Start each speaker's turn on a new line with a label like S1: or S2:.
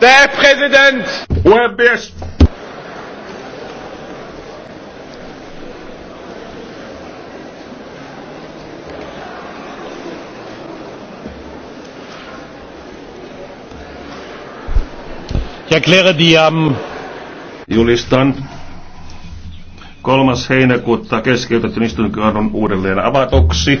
S1: Der Präsident! bist
S2: Ich erkläre die am... um
S3: Julistan kolmas heinäkuuta keskeytetyn istuntokauden uudelleen avatuksi.